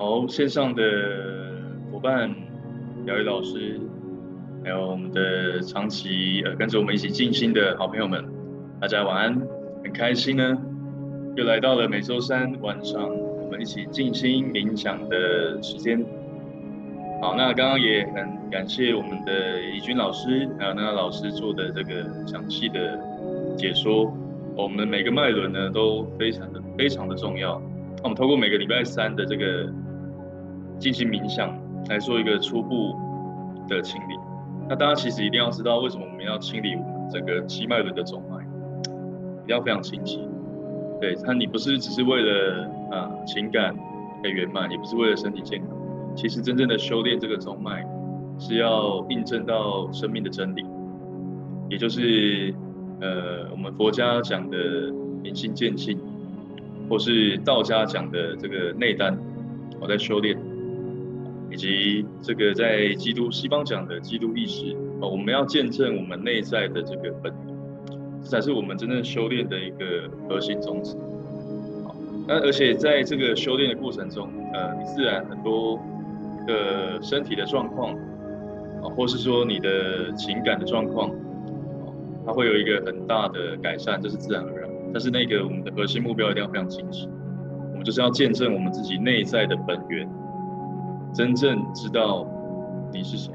好，線上的夥伴，療癒老師，還有我們的長期呃跟着我們一起靜心的好朋友們，大家晚安，很開心呢，又來到了每周三晚上我們一起靜心冥想的時間。好，那剛剛也很感謝我們的怡君老師，還有娜娜老師做的這個詳細的解說，我們每個脈輪呢都非常的非常的重要，那我們透過每個禮拜三的這個進行冥想，來做一個初步的清理。那大家其實一定要知道，為什麼我們要清理我們這個七脈輪的中脈？一定要非常清晰。對，那你不是只是為了啊情感的圓滿，也不是為了身體健康。其實真正的修煉這個中脈，是要印證到生命的真理，也就是呃我們佛家講的明心見性，或是道家講的這個內丹，我在修煉。以及這個在基督西方講的基督意識，啊，我們要見證我們內在的這個本源，這才是我們真正修煉的一個核心宗旨。好，那而且在這個修煉的過程中，呃，你自然很多的身體的狀況，啊，或是說你的情感的狀況，啊，它會有一個很大的改善，這，就是自然而然。但是那個我們的核心目標一定要非常清晰，我們就是要見證我們自己內在的本源。真正知道你是誰，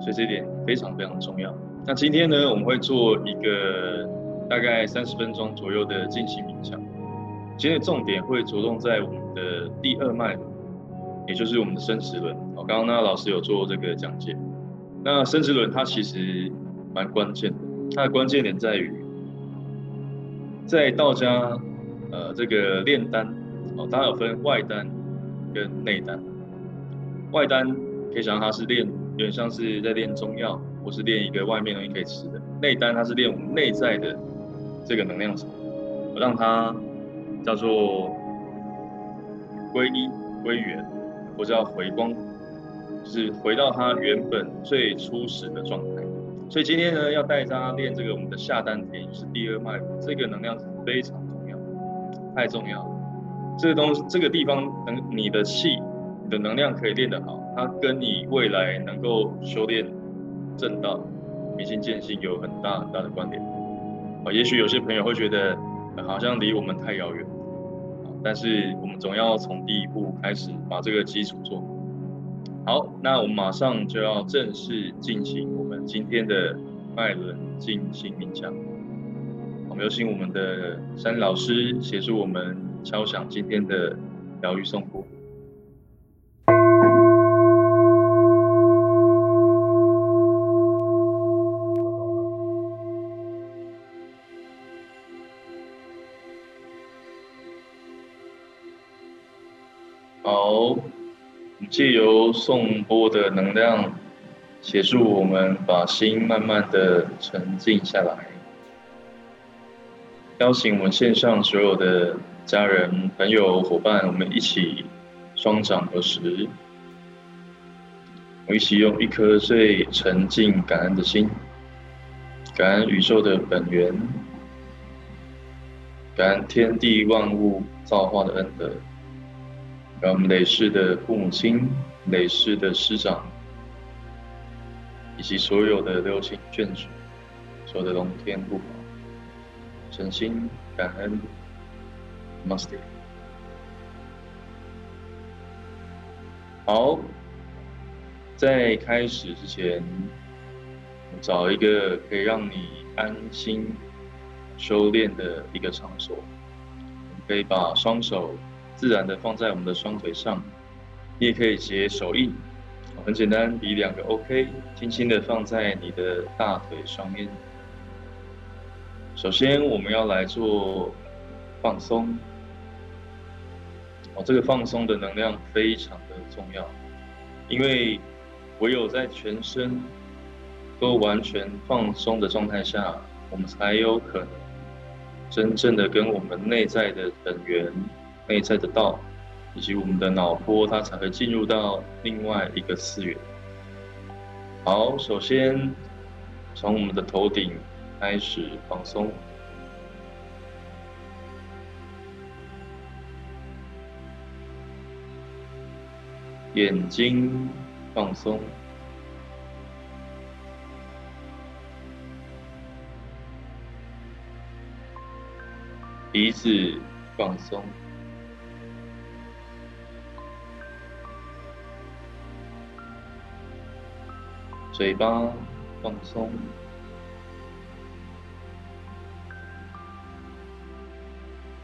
所以這點非常非常重要。那今天呢，我們會做一個大概三十分鐘左右的靜心冥想。今天重點會着重在我們的第二脈輪，也就是我們的生殖輪。我剛剛那老師有做這個講解。那生殖輪它其實蠻關鍵的，它的關鍵點在於，在道家，呃，這個煉丹，哦，它有分外丹跟內丹。外丹可以想到它是練，有點像是在練中藥，或是練一個外面東西可以吃的。內丹它是練我們內在的這個能量場，我讓它叫做歸一、歸元，或叫回光，就是回到它原本最初始的狀態。所以今天呢，要帶大家練這個我們的下丹田，就是第二脈，這個能量是非常重要，太重要了。這個東西，這個地方能你的氣的能量可以練得好，它跟你未來能夠修煉正道、明心見性有很大很大的關聯。也許有些朋友會覺得、呃、好像離我們太遙遠，但是我們總要從第一步開始把這個基礎做好。那我們馬上就要正式進行我們今天的脈輪靜心冥想。好，我們有請我們的山老師協助我們敲響今天的療癒頌缽。借由頌缽的能量，協助我們把心慢慢的沉靜下來。邀請我們線上所有的家人、朋友、夥伴，我們一起雙掌合十，我們一起用一顆最沉靜、感恩的心，感恩宇宙的本源，感恩天地萬物造化的恩德。讓我們累世的父母親、累世的師長，以及所有的六親眷屬，所有的龍天護法，誠心感恩，must y 好，在開始之前，找一個可以讓你安心修煉的一個場所，可以把雙手。自然的放在我們的雙腿上，你也可以結手印，很簡單，比兩個 OK，輕輕的放在你的大腿上面。首先，我們要來做放鬆。哦，這個放鬆的能量非常的重要，因為唯有在全身都完全放鬆的狀態下，我們才有可能真正的跟我們內在的本源。可以內在的道，以及我們的腦波，它才會進入到另外一個次元。好，首先從我們的頭頂開始放鬆，眼睛放鬆，鼻子放鬆。嘴巴放鬆，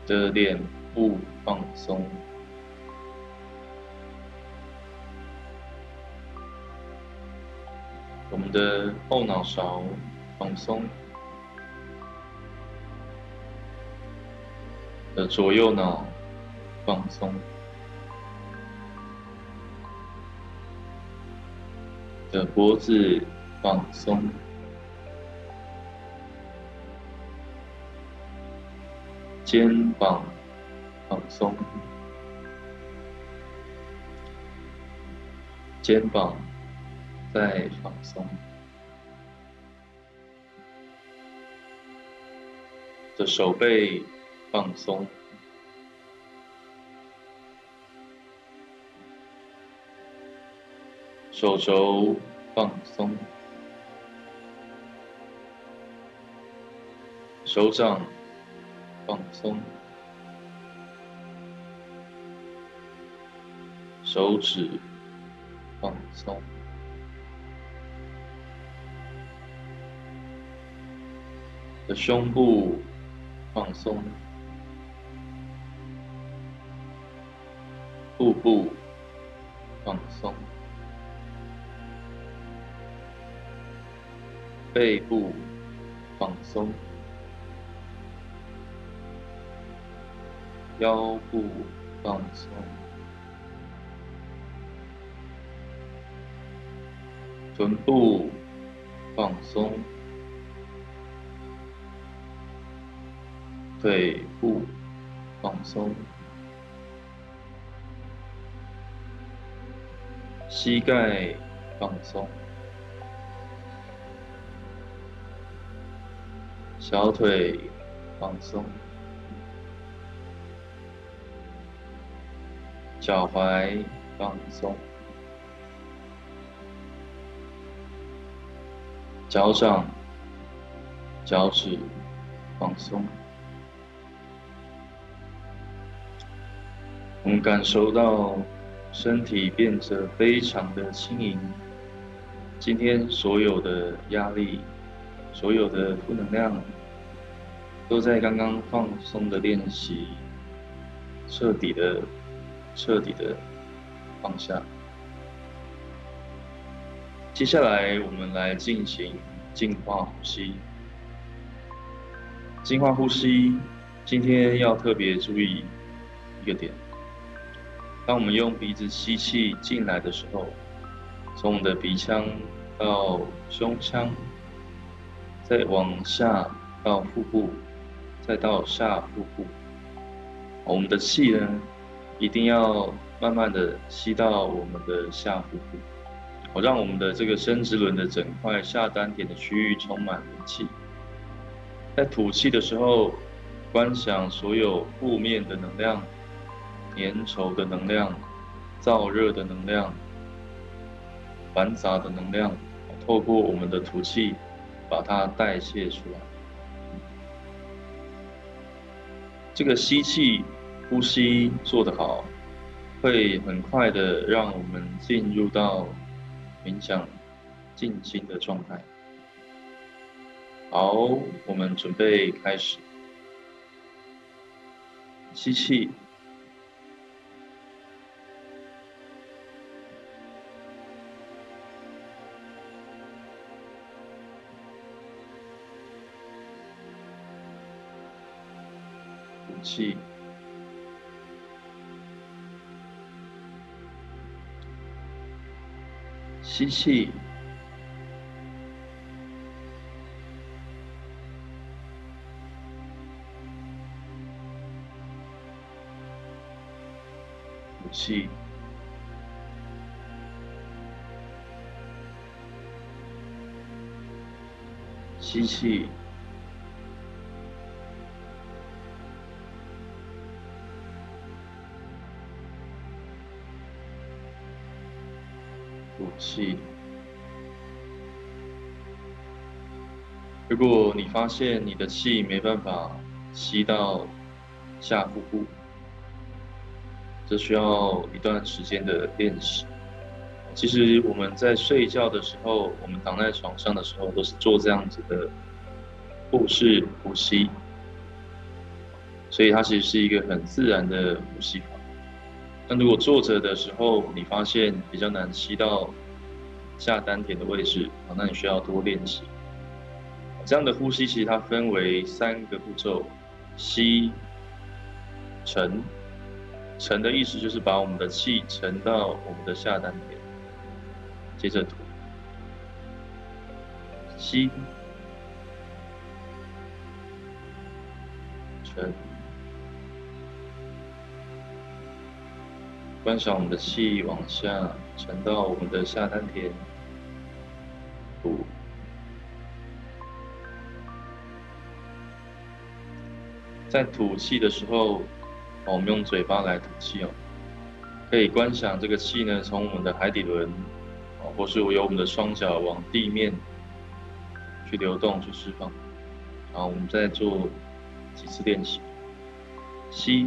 的臉部放鬆，我們的後腦勺放鬆，的左右腦放鬆。的脖子放鬆，肩膀放鬆，肩膀再放鬆，的手背放鬆。手肘放鬆，手掌放鬆，手指放鬆，胸部放鬆，腹部放鬆。背部放鬆，腰部放鬆，臀部放鬆，腿部放鬆，膝蓋放鬆。小腿放鬆，腳踝放鬆，腳掌、腳趾放鬆。我們感受到身體變得非常的輕盈，今天所有的壓力、所有的負能量。都在剛剛放鬆的練習，徹底的、徹底的放下。接下來，我們來進行淨化呼吸。淨化呼吸，今天要特別注意一個點：當我們用鼻子吸氣進來的時候，從我們的鼻腔到胸腔，再往下到腹部。再到下腹部，我們的氣呢，一定要慢慢的吸到我們的下腹部，好讓我們的這個生殖輪的整塊下丹田的區域充滿靈氣。在吐氣的時候，觀想所有負面的能量、粘稠的能量、燥熱的能量、繁雜的能量，透過我們的吐氣，把它代謝出來。這個吸氣呼吸做得好，會很快的讓我們進入到冥想靜心的狀態。好，我們準備開始。吸氣。吸，吸氣，吸，吸氣。吐氣。呼吸，如果你發現你的氣沒辦法吸到下腹部，這需要一段時間的練習。其實我們在睡覺的時候，我們躺在床上的時候，都是做這樣子的腹式呼吸，所以它其實是一個很自然的呼吸。那如果坐着的時候，你發現比較難吸到下丹田的位置，那你需要多練習。這樣的呼吸其實它分為三個步驟：吸、沉。沉的意思就是把我們的氣沉到我們的下丹田，接着吐。吸、沉。觀想我們的氣往下沉到我們的下丹田，吐。在吐氣的時候，哦，我們用嘴巴來吐氣哦，可以觀想這個氣呢，從我們的海底輪，啊，或是由我們的雙腳往地面去流動去釋放。然後我們再做幾次練習，吸。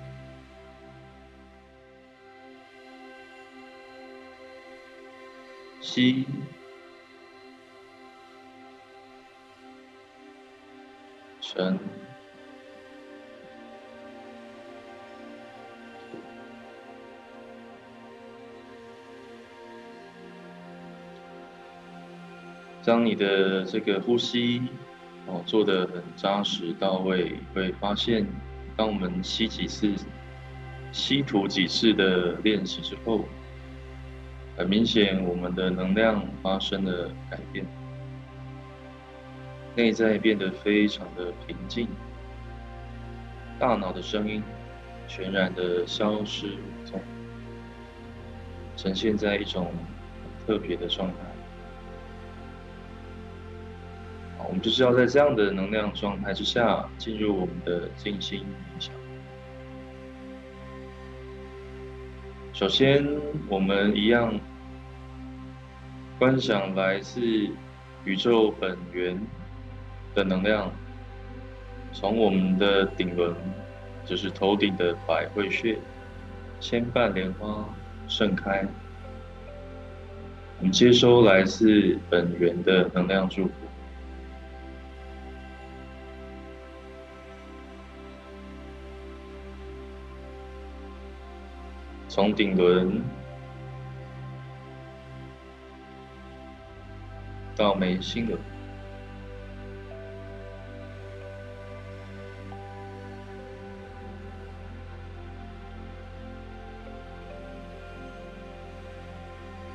吸，沉，當你的這個呼吸哦做得很扎實到位，會發現，當我們吸幾次，吸吐幾次的練習之後。很明顯，我們的能量發生了改變，內在變得非常的平靜，大腦的聲音全然的消失，呈現在一種很特別的狀態。好，我們就是要在這樣的能量狀態之下，進入我們的靜心冥想。首先，我們一樣。觀想來自宇宙本源的能量，從我們的頂輪，就是頭頂的百會穴，千瓣蓮花盛開，我們接收來自本源的能量祝福，從頂輪。到眉心輪，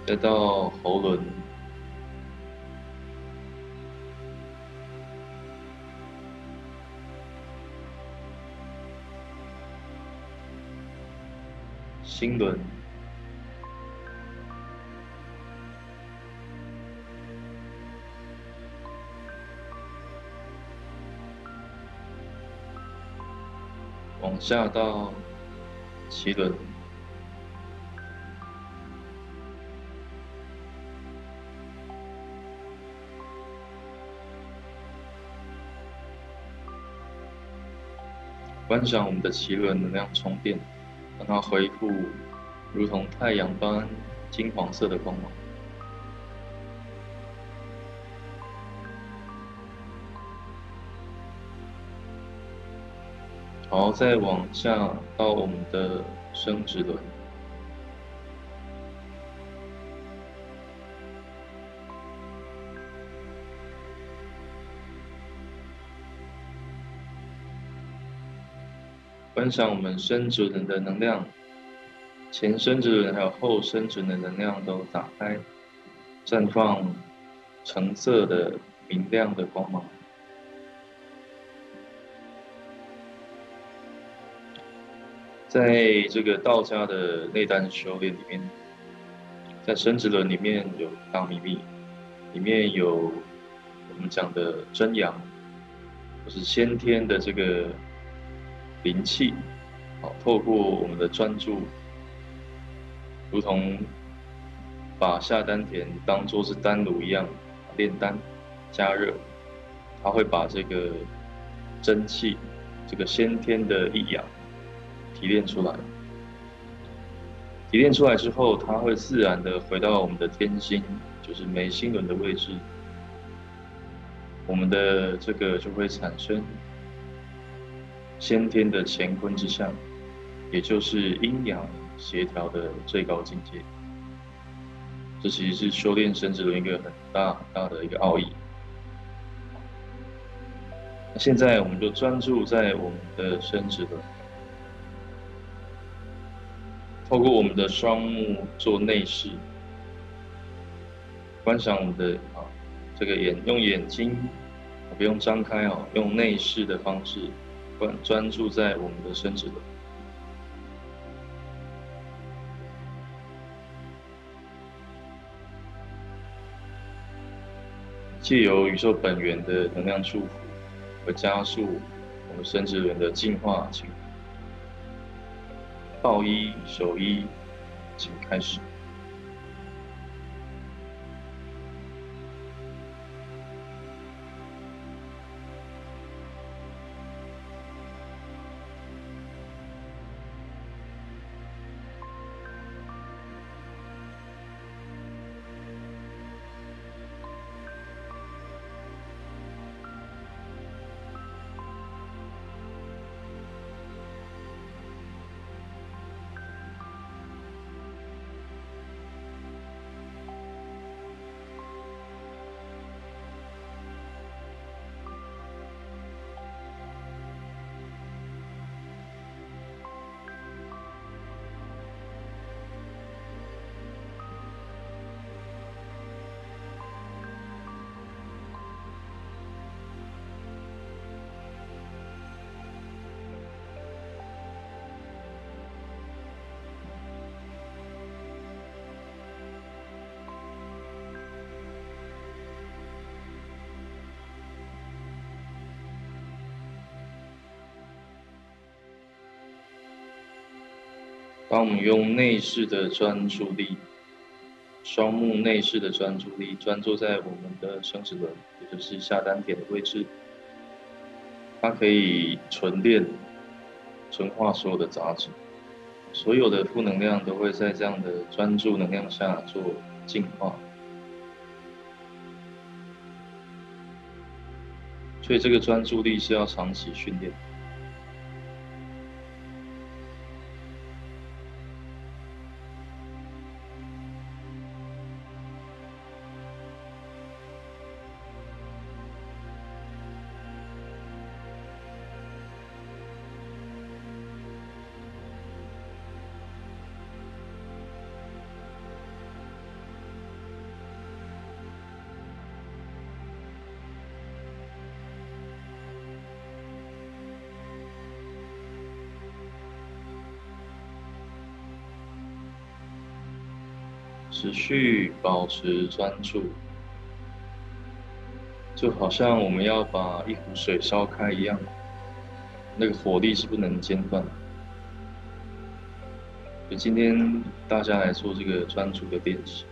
再到喉輪、心輪。下到臍輪，觀想我們的臍輪能量充電，讓它恢復如同太陽般金黃色的光芒。然後再往下到我們的生殖輪，觀想我們生殖輪的能量，前生殖輪還有後生殖輪的能量都打開，綻放橙色的明亮的光芒。在這個道家的內丹修煉裡面，在生殖輪裡面有大秘密，裡面有我們講的真陽，就是先天的這個靈氣，好，透過我們的專注，如同把下丹田當作是丹爐一樣煉丹加熱，它會把這個真氣，這個先天的異陽。提煉出來，提煉出來之後，它會自然的回到我們的天心，就是眉心輪的位置。我們的這個就會產生先天的乾坤之相，也就是陰陽協調的最高境界。這其實是修煉生殖輪一個很大很大的一個奧義。那現在我們就專注在我們的生殖輪。透過我們的雙目做內視，觀賞我們的啊，這個眼用眼睛，不用張開哦，用內視的方式，關專注在我們的生殖輪，借由宇宙本源的能量祝福，和加速我們生殖輪的進化，情況。道一，守一，請開始。當我們用內視的專注力，雙目內視的專注力，專注在我們的生殖輪，也就是下丹田的位置，它可以純練、純化所有的雜質，所有的負能量都會在這樣的專注能量下做淨化。所以，這個專注力是要長期訓練。持續保持專注，就好像我們要把一壺水燒開一樣，那個火力是不能間斷的。所以今天大家來做這個專注的練習。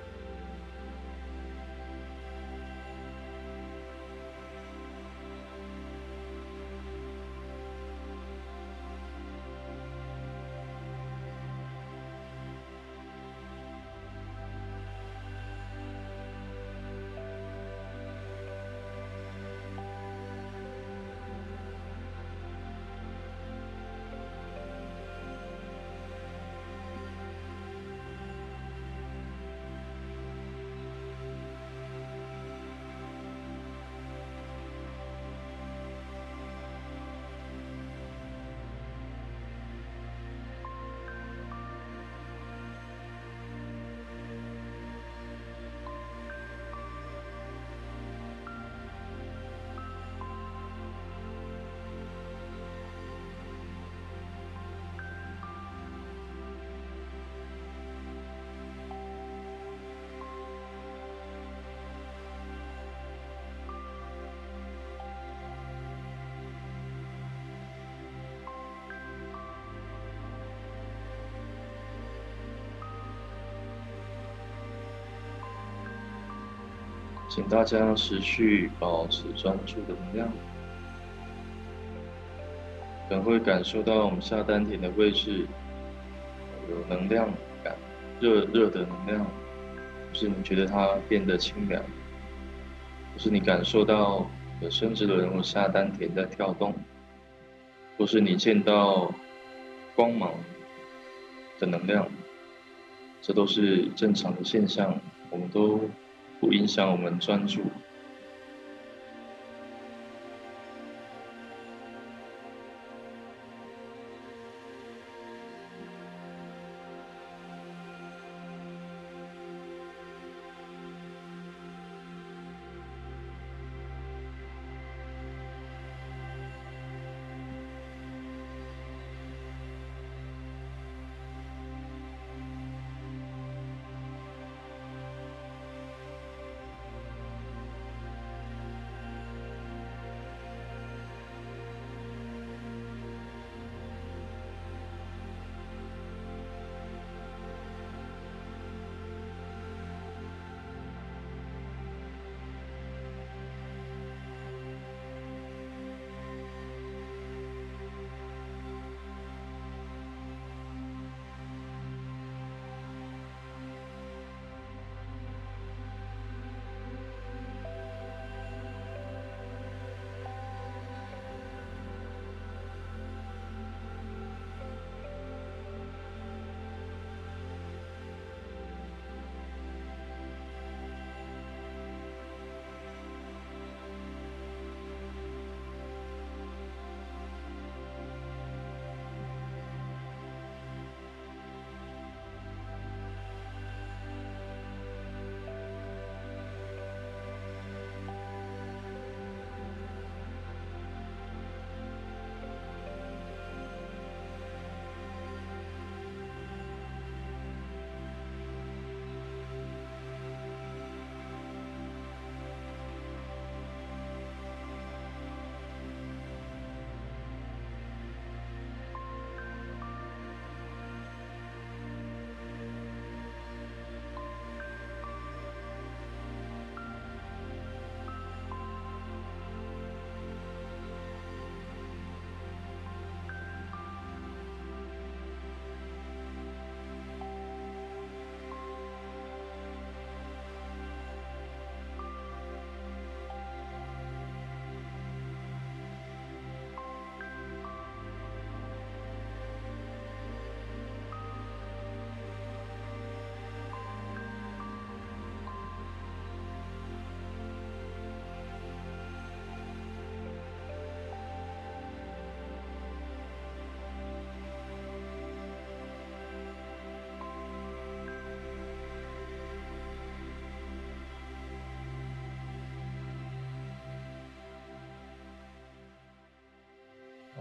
請大家持續保持專注的能量，可能會感受到我們下丹田的位置有能量感，熱熱的能量，就是你覺得它變得清涼，就是你感受到有生殖的人物下丹田在跳動，或是你見到光芒的能量，這都是正常的現象，我們都。不影響我們專注。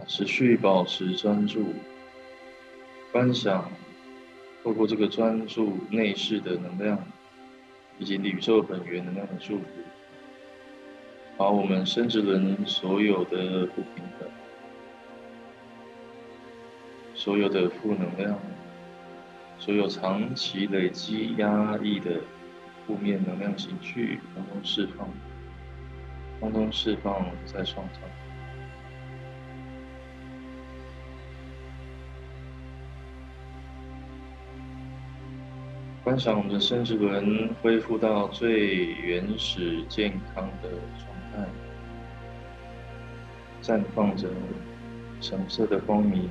持續保持專注，觀想，透過這個專注內視的能量，以及宇宙本源能量的祝福，把我們生殖輪所有的不平等、所有的負能量、所有長期累積壓抑的負面能量情緒，通通釋放，通通釋放再創造。觀賞我們的生殖輪恢復到最原始健康的狀態，綻放着橙色的光明，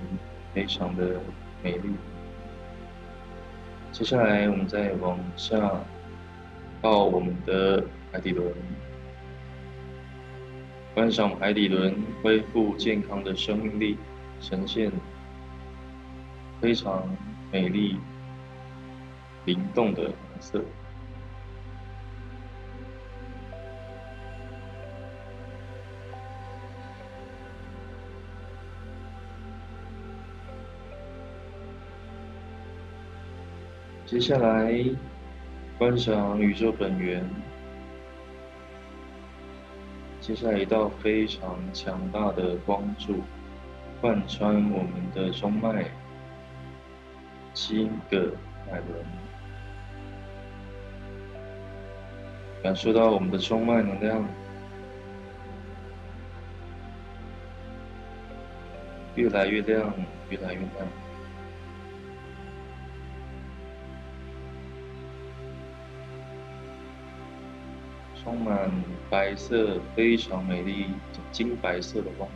非常的美麗。接下來，我們再往下到我們的海底輪，觀賞海底輪恢復健康的生命力，呈現非常美麗。靈動的藍色。接下來，觀賞宇宙本源。接下來一道非常強大的光柱，貫穿我們的中脈、新的脈輪。感受到我們的中脈能量越來越亮，越來越亮，充滿白色，非常美麗，金白色的光。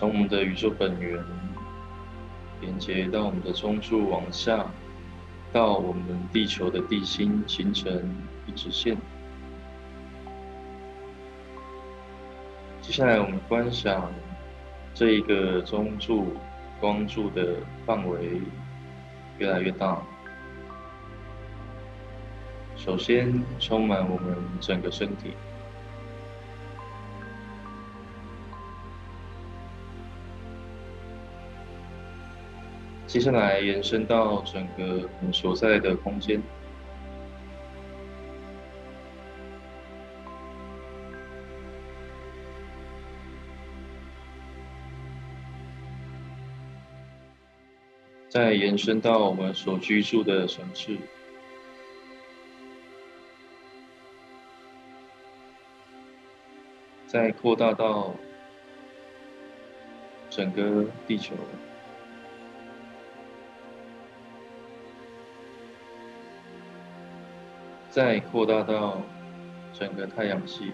從我們的宇宙本源連接到我們的中柱，往下到我們地球的地心，形成一直線。接下來，我們觀想這一個中柱光柱的範圍越來越大，首先充滿我們整個身體。接下來延伸到整個我們所在的空間，再延伸到我們所居住的城市，再擴大到整個地球。再擴大到整個太陽系，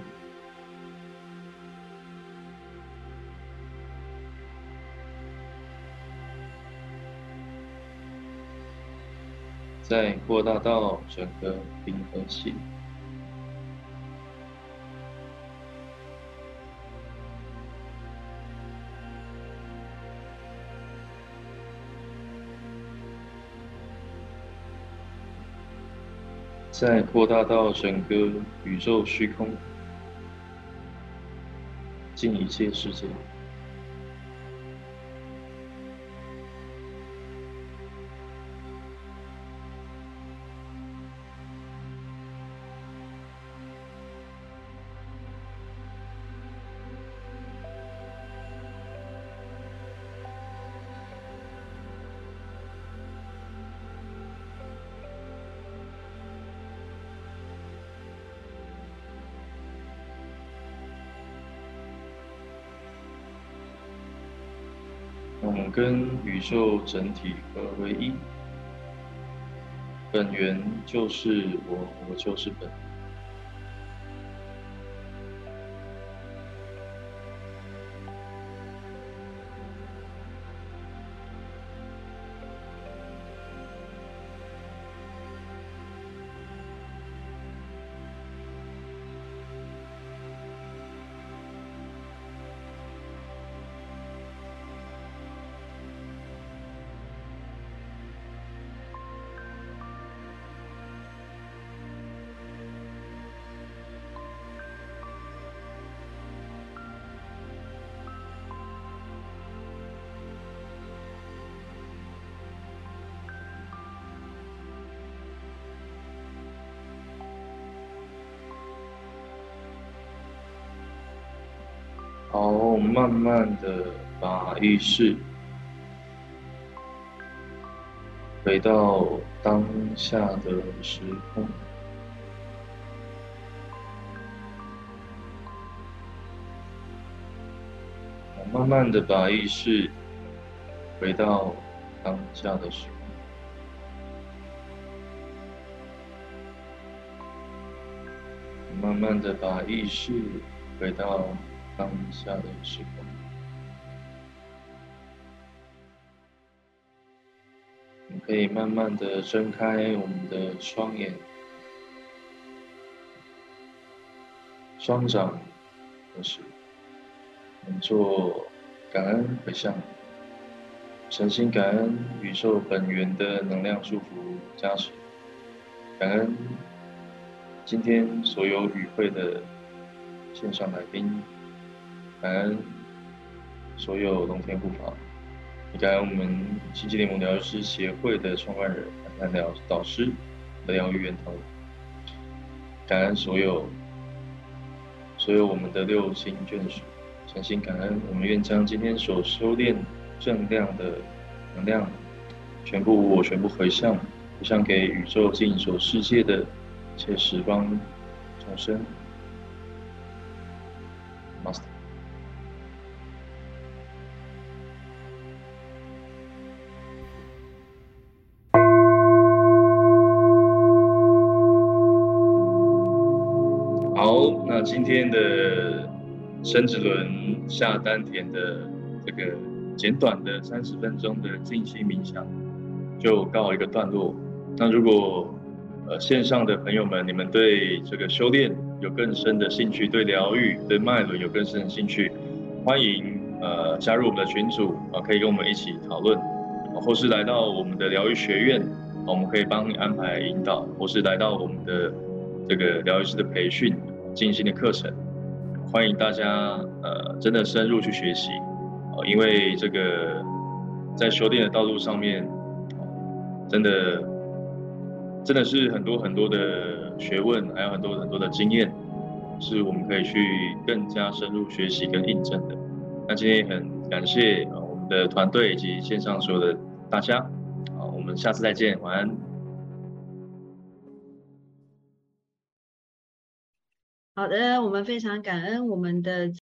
再擴大到整個銀河系。再擴大到整個宇宙虛空，盡一切世界。我們跟宇宙整體合為一，本源就是我，我就是本。好，慢慢的把意識回到當下的時空。慢慢的把意識回到當下的時空。慢慢的把意識回到。當下的時光，你可以慢慢的睜開我們的雙眼，雙掌合十，我們做感恩回向，誠心感恩宇宙本源的能量祝福加持，感恩今天所有與會的線上來賓。感恩所有龍天護法，也感恩我們星際聯盟療癒師協會的創辦人，感恩療導師的療癒源頭，感恩所有所有我們的六親眷屬，誠心感恩，我們願將今天所修煉正量的能量，全部我，全部回向，回向給宇宙盡所世界的一切十方眾生。Master。今天的生殖輪下丹田的這個簡短的三十分鐘的靜心冥想就告一個段落。那如果呃線上的朋友們，你們對這個修煉有更深的興趣，對療癒對脈輪有更深的興趣，歡迎呃加入我們的群組啊、呃，可以跟我們一起討論，或是來到我們的療癒學院，我們可以幫你安排引導，或是來到我們的這個療癒師的培訓。靜心的課程，歡迎大家，呃，真的深入去學習，啊，因為這個在修煉的道路上面，真的真的是很多很多的學問，還有很多很多的經驗，是我們可以去更加深入學習跟印證的。那今天也很感謝我們的團隊以及線上所有的大家，好，我們下次再見，晚安。好的，我們非常感恩我們的。